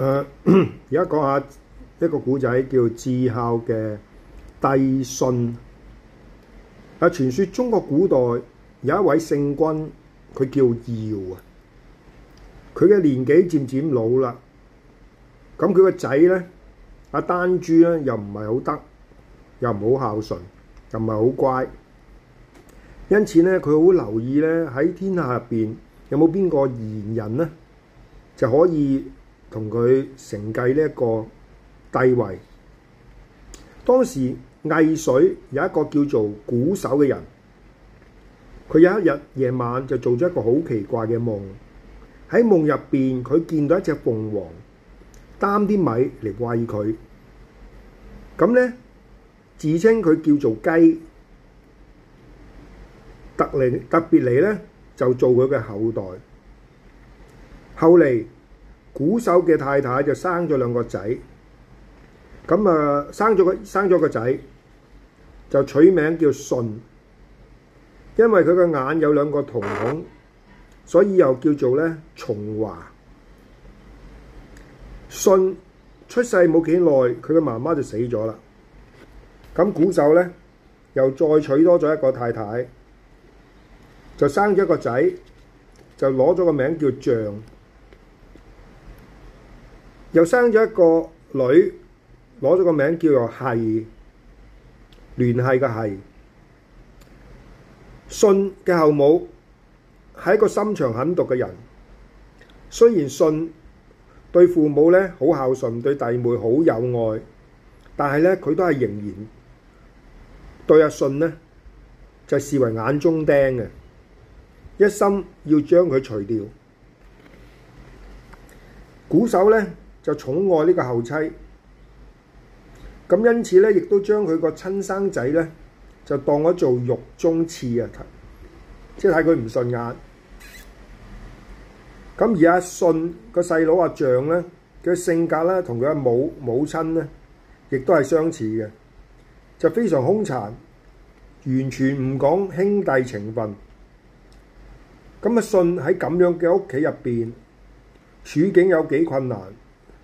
而家、呃、講下一個古仔，叫《至孝嘅帝舜》。啊，傳説中國古代有一位聖君，佢叫堯啊。佢嘅年紀漸漸老啦，咁佢個仔咧，阿、啊、丹珠咧，又唔係好得，又唔好孝順，又唔係好乖，因此咧，佢好留意咧喺天下入邊有冇邊個賢人咧，就可以，同佢承繼呢一個帝位。當時魏水有一個叫做瞽叟嘅人，佢有一日夜晚就做咗一個好奇怪嘅夢。喺夢入邊，佢見到一隻鳳凰擔啲米嚟餵佢。咁呢，自稱佢叫做雞，特嚟特別嚟呢就做佢嘅後代。後嚟。古手嘅太太就生咗兩個仔，咁啊生咗個生咗個仔就取名叫舜，因為佢個眼有兩個瞳孔，所以又叫做咧重華。舜出世冇幾耐，佢嘅媽媽就死咗啦。咁、那個、古手咧又再娶多咗一個太太，就生咗一個仔，就攞咗個名叫象。又生咗一個女，攞咗個名叫做係聯繫嘅係。信嘅後母係一個心腸狠毒嘅人，雖然信對父母咧好孝順，對弟妹好有愛，但係咧佢都係仍然對阿信咧就視為眼中釘嘅，一心要將佢除掉。瞽叟咧，就寵愛呢個後妻，咁因此咧，亦都將佢個親生仔咧就當咗做肉中刺啊！即係睇佢唔順眼。咁而阿舜個細佬阿象咧嘅性格咧，同佢嘅母母親咧，亦都係相似嘅，就非常兇殘，完全唔講兄弟情分。咁阿舜喺咁樣嘅屋企入邊處境有幾困難？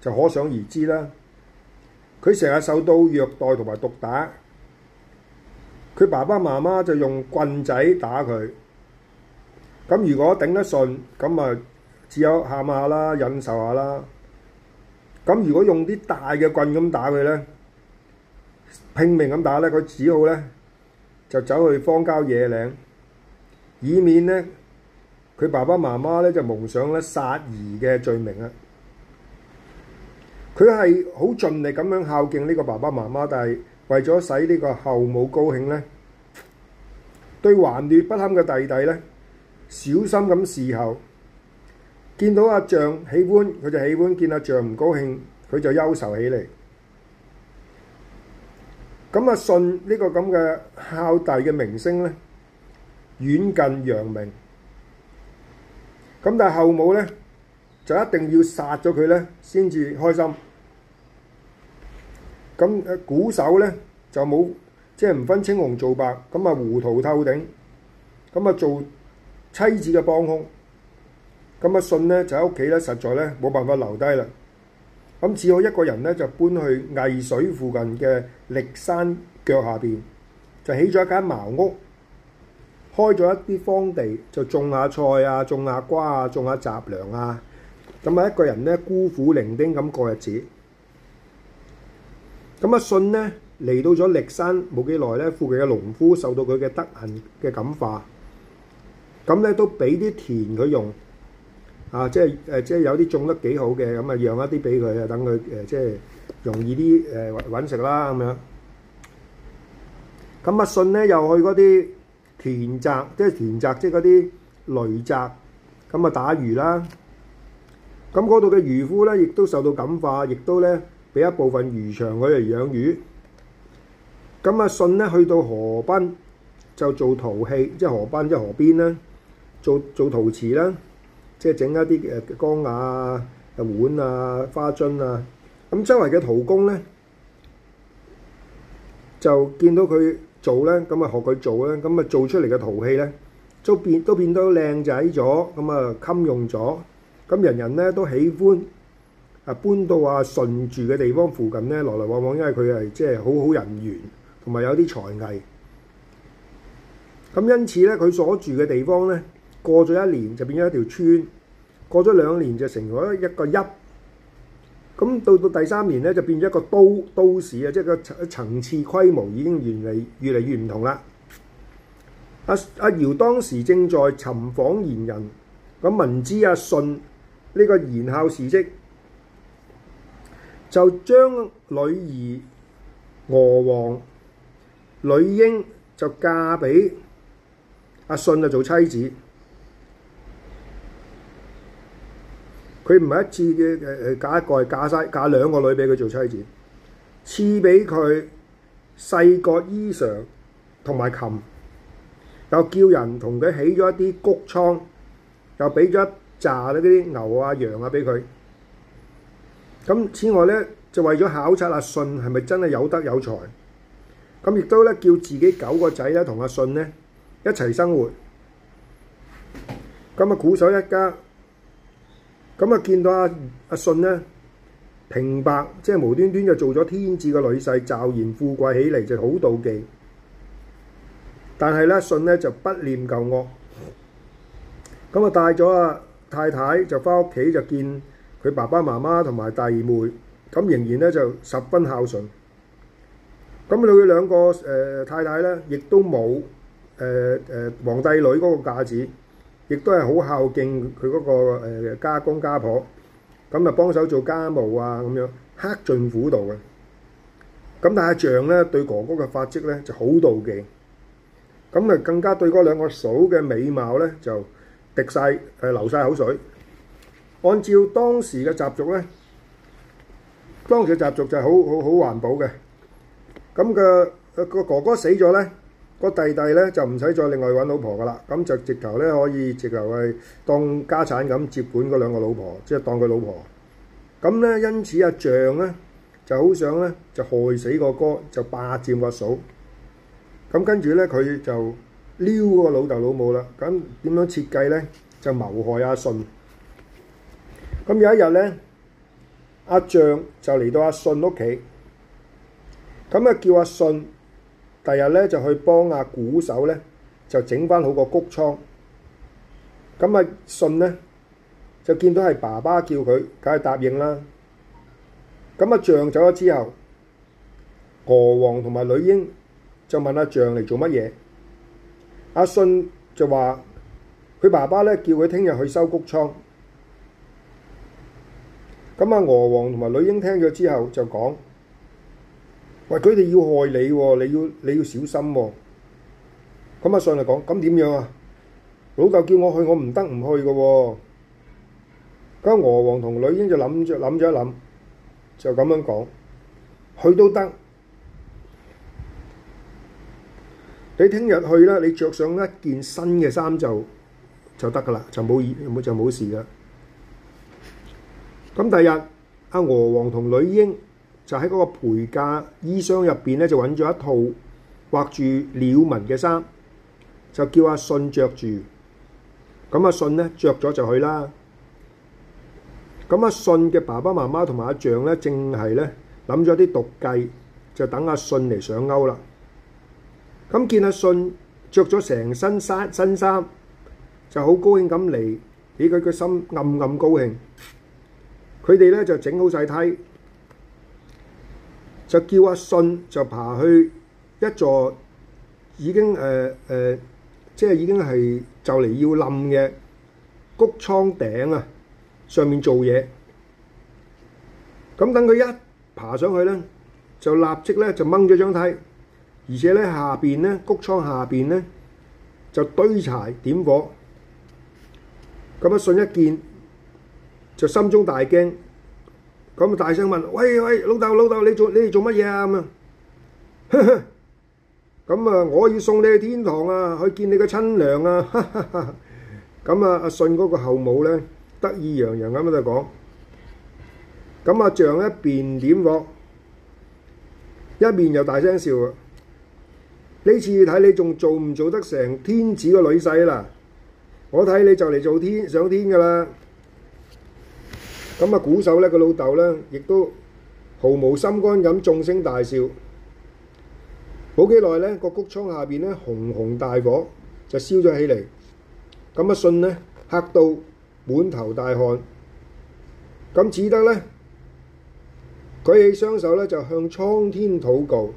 就可想而知啦！佢成日受到虐待同埋毒打，佢爸爸媽媽就用棍仔打佢。咁如果頂得順，咁啊只有喊下啦，忍受下啦。咁如果用啲大嘅棍咁打佢咧，拼命咁打咧，佢只好咧就走去荒郊野嶺，以免呢，佢爸爸媽媽咧就蒙上咧殺兒嘅罪名啊！佢係好盡力咁樣孝敬呢個爸爸媽媽，但係為咗使呢個後母高興咧，對橫劣不堪嘅弟弟咧，小心咁侍候。見到阿象喜歡佢就喜歡，見阿象唔高興佢就憂愁起嚟。咁阿舜呢個咁嘅孝弟嘅名聲咧，遠近揚名。咁但係後母咧就一定要殺咗佢咧，先至開心。咁誒，鼓手咧就冇，即係唔分青紅皂白，咁啊糊塗透頂，咁啊做妻子嘅幫凶。咁阿舜咧就喺屋企咧，實在咧冇辦法留低啦，咁只好一個人咧就搬去渭水附近嘅歷山腳下邊，就起咗一間茅屋，開咗一啲荒地，就種下菜啊，種下瓜啊，種下雜糧啊，咁啊一個人咧孤苦伶仃咁過日子。咁啊，舜咧嚟到咗歷山冇幾耐咧，附近嘅農夫受到佢嘅德行嘅感化，咁咧都俾啲田佢用，啊，即係誒，即係有啲種得幾好嘅，咁啊，讓一啲俾佢啊，等佢誒即係容易啲誒揾食啦咁樣。咁啊，舜咧又去嗰啲田澤，即係田澤，即係嗰啲雷澤，咁啊，打魚啦。咁嗰度嘅漁夫咧，亦都受到感化，亦都咧。俾一部分漁場佢嚟養魚，咁阿、啊、舜咧去到河濱就做陶器，即係河濱即係河邊啦，做做陶瓷啦，即係整一啲誒缸瓦啊、碗啊、花樽啊，咁周圍嘅陶工咧就見到佢做咧，咁啊學佢做咧，咁啊做出嚟嘅陶器咧都變都變到靚仔咗，咁啊襟用咗，咁人人咧都喜歡。啊！搬到阿、啊、舜住嘅地方附近咧，來來往往，因為佢係即係好好人緣，同埋有啲才藝。咁因此咧，佢所住嘅地方咧，過咗一年就變咗一條村；過咗兩年就成為一個邑。咁到到第三年咧，就變咗一個都都市啊！即、就、係、是、個層次規模已經越嚟越嚟越唔同啦。阿阿堯當時正在尋訪賢人，咁聞知阿舜呢個賢孝事跡。就將女兒娥皇、女英就嫁畀阿舜，舜做妻子。佢唔係一次嘅誒誒嫁一個，係嫁曬嫁兩個女畀佢做妻子。賜畀佢細個衣裳同埋琴，又叫人同佢起咗一啲谷倉，又畀咗一紮啲牛啊羊啊畀佢。咁此外咧，就為咗考察阿舜係咪真係有德有才，咁亦都咧叫自己九個仔咧同阿舜咧一齊生活。咁啊，瞽叟一家，咁啊見到阿阿舜呢平白即係無端端就做咗天子嘅女婿，驟然富貴起嚟就好妒忌。但係咧，舜呢就不念舊惡，咁啊帶咗阿太太就返屋企就見。佢爸爸媽媽同埋弟妹，咁仍然咧就十分孝順。咁佢兩個誒太太咧，亦都冇誒誒皇帝女嗰個架子，亦都係好孝敬佢嗰個誒家公家婆。咁啊，幫手做家務啊，咁樣克盡孝道嘅。咁但係阿象咧，對哥哥嘅發跡咧就好妒忌。咁啊，更加對嗰兩個嫂嘅美貌咧就滴曬誒流曬口水。按照當時嘅習俗咧，當時嘅習俗就係好好好環保嘅。咁嘅個哥哥死咗咧，個弟弟咧就唔使再另外揾老婆噶啦，咁就直頭咧可以直頭係當家產咁接管嗰兩個老婆，即係當佢老婆。咁咧，因此阿象咧就好想咧就害死個哥，就霸佔個嫂。咁跟住咧佢就撩個老豆老母啦。咁點樣設計咧？就謀害阿舜。咁有一日咧，阿象就嚟到阿信屋企，咁啊，叫阿信第日咧就去幫阿鼓手咧就整翻好個谷倉。咁啊，信呢，就見到係爸爸叫佢，梗係答應啦。咁阿象走咗之後，娥皇同埋女英就問阿象嚟做乜嘢？阿信就話佢爸爸咧叫佢聽日去收谷倉。咁啊，娥皇同埋女英聽咗之後就講：喂，佢哋要害你喎，你要你要小心喎，哦。咁啊，上嚟講，咁點樣啊？老豆叫我去，我唔得唔去嘅，哦。咁啊，娥皇同女英就諗咗諗咗一諗，就咁樣講，去都得。你聽日去啦，你着上一件新嘅衫就就得㗎啦，就冇事冇就冇事㗎。咁第日，阿娥皇同女英就喺嗰個陪嫁衣箱入邊咧，就揾咗一套畫住鳥紋嘅衫，就叫阿舜着住。咁阿舜咧着咗就去啦。咁阿舜嘅爸爸媽媽同埋阿象咧，正係咧諗咗啲毒計，就等阿舜嚟上鈎啦。咁見阿舜着咗成身新新衫，就好高興咁嚟，畀佢個心暗暗高興。佢哋咧就整好曬梯，就叫阿信就爬去一座已經誒誒，即係已經係就嚟要冧嘅谷倉頂啊，上面做嘢。咁等佢一爬上去咧，就立即咧就掹咗張梯，而且咧下邊咧谷倉下邊咧就堆柴點火。咁阿信一見，就心中大驚，咁啊！大聲問：喂喂，老豆老豆，你做你哋做乜嘢啊？咁啊，我要送你去天堂啊，去見你個親娘啊！咁啊，阿信嗰個後母咧，得意洋洋咁喺度講，咁阿象一邊點鑊，一邊又大聲笑啊！呢次睇你仲做唔做得成天子個女婿啦？我睇你就嚟做天上天噶啦！咁啊！鼓手咧，個老豆咧，亦都毫無心肝咁縱聲大笑。冇幾耐咧，個谷倉下邊咧紅紅大火就燒咗起嚟。咁阿信呢，嚇到滿頭大汗，咁只得咧舉起雙手咧就向蒼天禱告。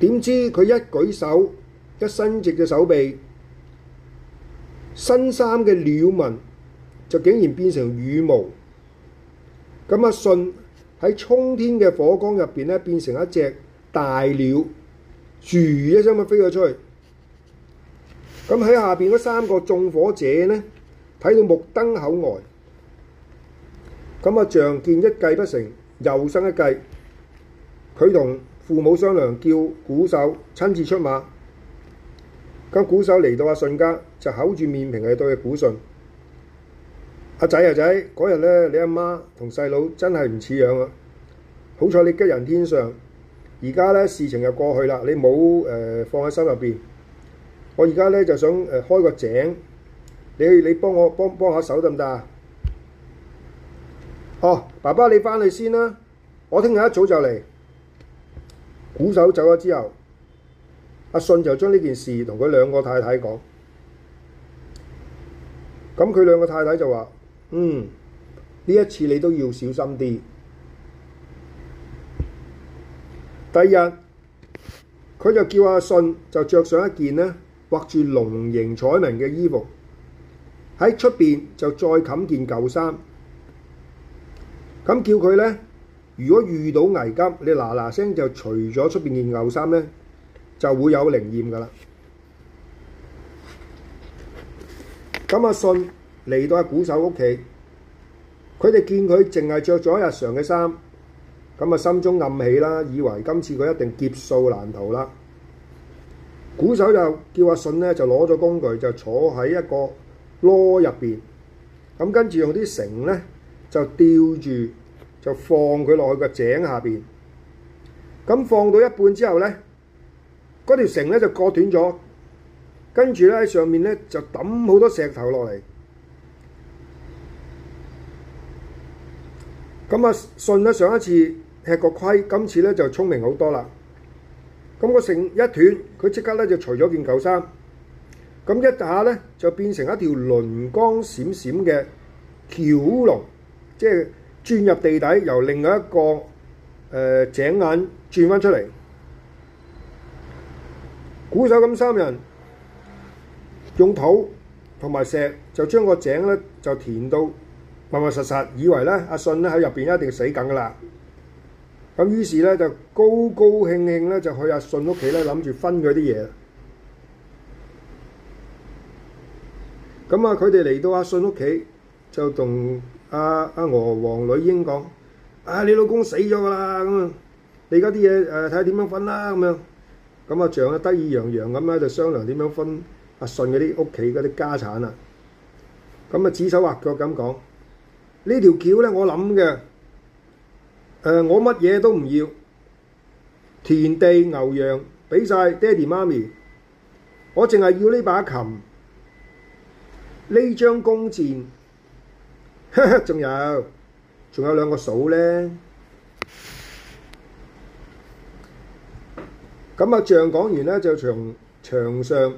點知佢一舉手一伸直隻手臂，新衫嘅鳥紋，就竟然變成羽毛，咁阿舜喺沖天嘅火光入邊咧，變成一隻大鳥，噠一聲咁飛咗出去。咁喺下邊嗰三個縱火者呢，睇到目瞪口呆。咁阿象見一計不成，又生一計，佢同父母商量，叫瞽叟親自出馬。咁瞽叟嚟到阿舜家，就厚住面皮嚟對阿古信。阿仔啊仔，嗰日咧你阿媽同細佬真係唔似樣啊！弟弟樣好彩你吉人天相，而家咧事情又過去啦，你冇誒、呃、放喺心入邊。我而家咧就想誒、呃、開個井，你去你幫我幫幫下手得唔得啊？哦，爸爸你翻去先啦，我聽日一早就嚟。瞽叟走咗之後，阿舜就將呢件事同佢兩個太太講，咁佢兩個太太就話。嗯，呢一次你都要小心啲。第二日，佢就叫阿信就着上一件呢，畫住龍形彩紋嘅衣服，喺出邊就再冚件舊衫。咁叫佢呢，如果遇到危急，你嗱嗱聲就除咗出邊件舊衫呢，就會有靈驗㗎喇。咁阿信。嚟到阿、啊、古手屋企，佢哋見佢淨係着咗日常嘅衫，咁啊，心中暗喜啦，以為今次佢一定劫數難逃啦。古手就叫阿、啊、舜呢，就攞咗工具，就坐喺一個籮入邊，咁跟住用啲繩呢，就吊住，就放佢落去個井下邊。咁放到一半之後呢，嗰條繩咧就割斷咗，跟住咧喺上面咧就揼好多石頭落嚟。咁啊，舜啦上一次吃個虧，今次咧就聰明好多啦。咁個繩一斷，佢即刻咧就除咗件舊衫，咁一下咧就變成一條鱗光閃閃嘅蛟龍，即係轉入地底，由另外一個誒井眼轉翻出嚟。瞽叟咁三人用土同埋石就將個井咧就填到。密密實實，以為咧，阿信咧喺入邊一定死梗噶啦。咁於是咧就高高興興咧就去阿信屋企咧，諗住分佢啲嘢。咁啊，佢哋嚟到阿信屋企就同阿阿娥、皇女英講，啊，你老公死咗噶啦，咁啊，你而家啲嘢誒睇下點樣分啦咁樣。咁啊，像啊得意洋洋咁咧，就商量點樣分阿信嗰啲屋企嗰啲家產啊。咁啊，指手畫腳咁講。呢條橋咧，我諗嘅，誒，我乜嘢都唔要，田地牛羊俾曬爹哋媽咪，我淨係要呢把琴，呢張弓箭，哈哈，仲有，仲有兩個嫂咧。咁啊，象講完咧，就從牆上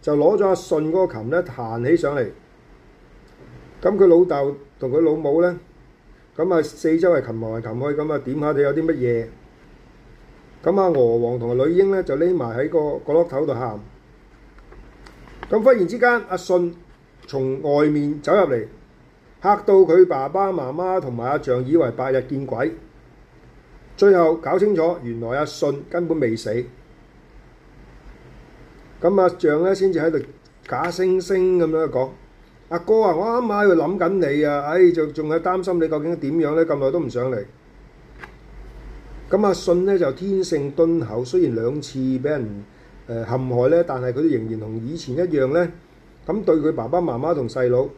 就攞咗阿舜嗰個琴咧彈起上嚟，咁佢老豆。同佢老母咧，咁啊四周圍擒來擒去，咁啊點下就有啲乜嘢？咁啊娥皇同埋女英咧就匿埋喺個角落頭度喊。咁忽然之間，阿、啊、舜從外面走入嚟，嚇到佢爸爸媽媽同埋阿象以為白日見鬼。最後搞清楚，原來阿、啊、舜根本未死。咁阿象咧先至喺度假惺惺咁樣講。阿哥啊，我啱啱喺度諗緊你啊，唉，仲仲係擔心你究竟點樣咧？咁耐都唔上嚟。咁阿信咧就天性敦厚，雖然兩次俾人誒陷害咧，但係佢仍然同以前一樣咧。咁對佢爸爸媽媽同細佬，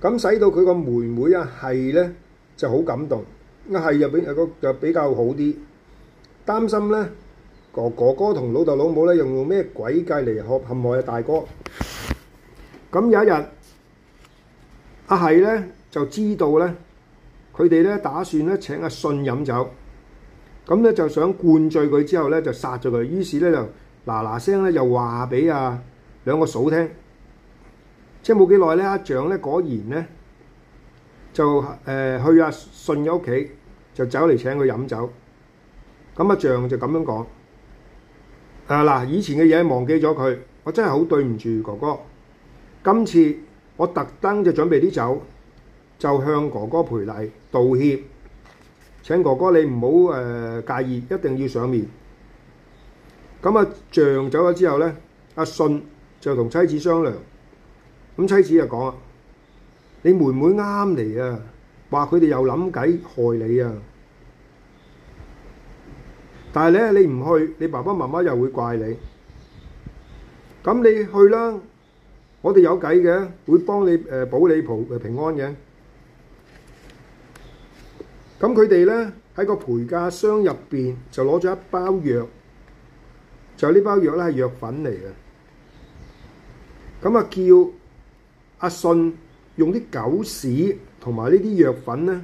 咁使到佢個妹妹啊係咧就好感動。阿係入邊個又比較好啲，擔心咧哥哥哥同老豆老母咧用用咩鬼計嚟學陷害啊大哥。咁有一日，阿係咧就知道咧，佢哋咧打算咧請阿舜飲酒，咁、嗯、咧就想灌醉佢之後咧就殺咗佢。於是咧就嗱嗱聲咧又話俾阿兩個嫂聽，即係冇幾耐咧，阿象咧果然咧就誒、呃、去阿舜屋企，就走嚟請佢飲酒。咁、嗯、阿象就咁樣講：誒、啊、嗱，以前嘅嘢忘記咗佢，我真係好對唔住哥哥。今次我特登就準備啲酒，就向哥哥賠禮道歉。請哥哥你唔好誒介意，一定要賞面。咁啊，象走咗之後咧，阿舜就同妻子商量。咁妻子就講啊：你妹妹啱啱嚟啊，話佢哋又諗計害你啊。但係咧，你唔去，你爸爸媽媽又會怪你。咁你去啦。我哋有計嘅，會幫你誒保你蒲誒平安嘅。咁佢哋咧，喺個陪嫁箱入邊就攞咗一包藥，就呢包藥咧係藥粉嚟嘅。咁啊，叫阿信用啲狗屎同埋呢啲藥粉咧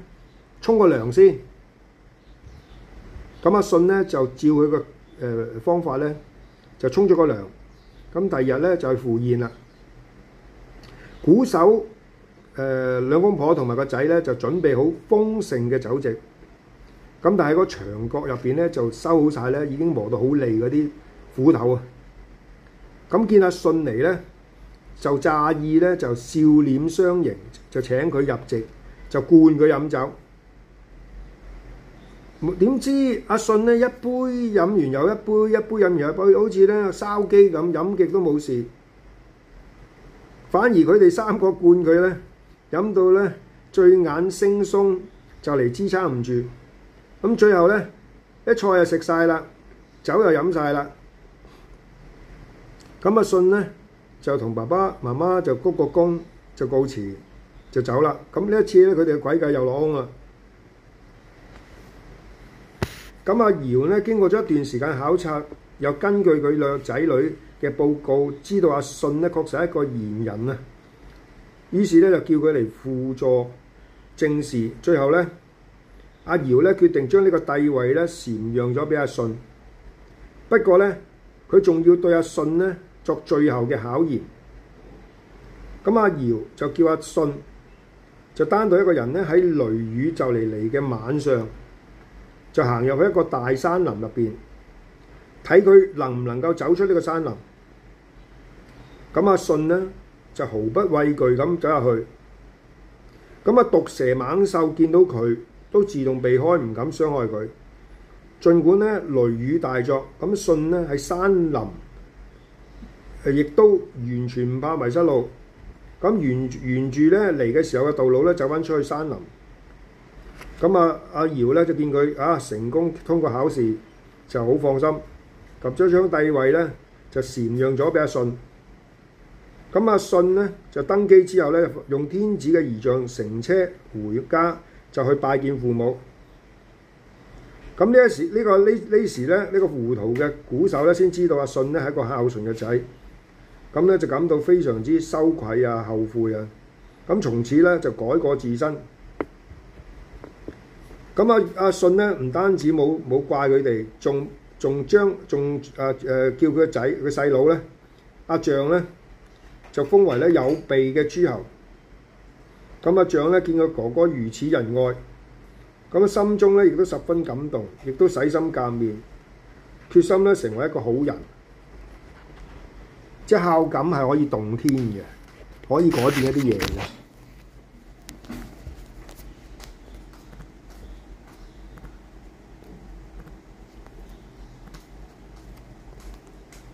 沖個涼先。咁阿信咧就照佢個誒方法咧就沖咗個涼。咁第二日咧就係赴宴啦。瞽叟誒兩公婆同埋個仔咧就準備好豐盛嘅酒席，咁但係個牆角入邊咧就收好曬咧，已經磨到好利嗰啲斧頭啊！咁見阿舜嚟咧，就詐意咧就笑臉相迎，就請佢入席，就灌佢飲酒。點知阿舜咧一杯飲完又一杯，一杯飲完又一杯，好似咧燒雞咁飲極都冇事。反而佢哋三個灌佢咧，飲到咧醉眼惺忪，就嚟支撐唔住。咁最後咧，一菜又食晒啦，酒又飲晒啦。咁阿舜咧就同爸爸媽媽就鞠個躬，就告辭就走啦。咁呢一次咧，佢哋嘅鬼計又落空啦。咁阿姚咧經過咗一段時間考察，又根據佢兩個仔女。嘅報告，知道阿舜咧確實係一個賢人啊，於是咧就叫佢嚟輔助政事。最後咧，阿堯咧決定將呢個帝位咧禪讓咗俾阿舜。不過咧，佢仲要對阿舜呢作最後嘅考驗。咁阿堯就叫阿舜就單獨一個人咧喺雷雨就嚟嚟嘅晚上，就行入去一個大山林入邊，睇佢能唔能夠走出呢個山林。咁阿、啊、信咧就毫不畏懼咁走入去，咁啊毒蛇猛獸見到佢都自動避開，唔敢傷害佢。儘管咧雷雨大作，咁、啊、信咧喺山林，亦、呃、都完全唔怕迷失路。咁沿沿住咧嚟嘅時候嘅道路咧走翻出去山林。咁啊阿姚咧就見佢啊成功通過考試，就好放心，及咗張帝位咧就禪讓咗俾阿信。咁阿、啊、舜咧就登基之後咧，用天子嘅儀仗乘車回家，就去拜見父母。咁呢一時呢、呢個呢呢時咧，呢個糊塗嘅瞽叟咧先知道阿、啊、舜咧係一個孝順嘅仔。咁咧就感到非常之羞愧啊、後悔啊。咁從此咧就改過自身。咁啊阿、啊、舜咧唔單止冇冇怪佢哋，仲仲將仲啊誒叫佢個仔佢細佬咧阿象咧。就封為咧有鼻嘅諸侯，咁阿象咧見佢哥哥如此仁愛，咁心中咧亦都十分感動，亦都洗心革面，決心咧成為一個好人。即孝感係可以動天嘅，可以改變一啲嘢嘅。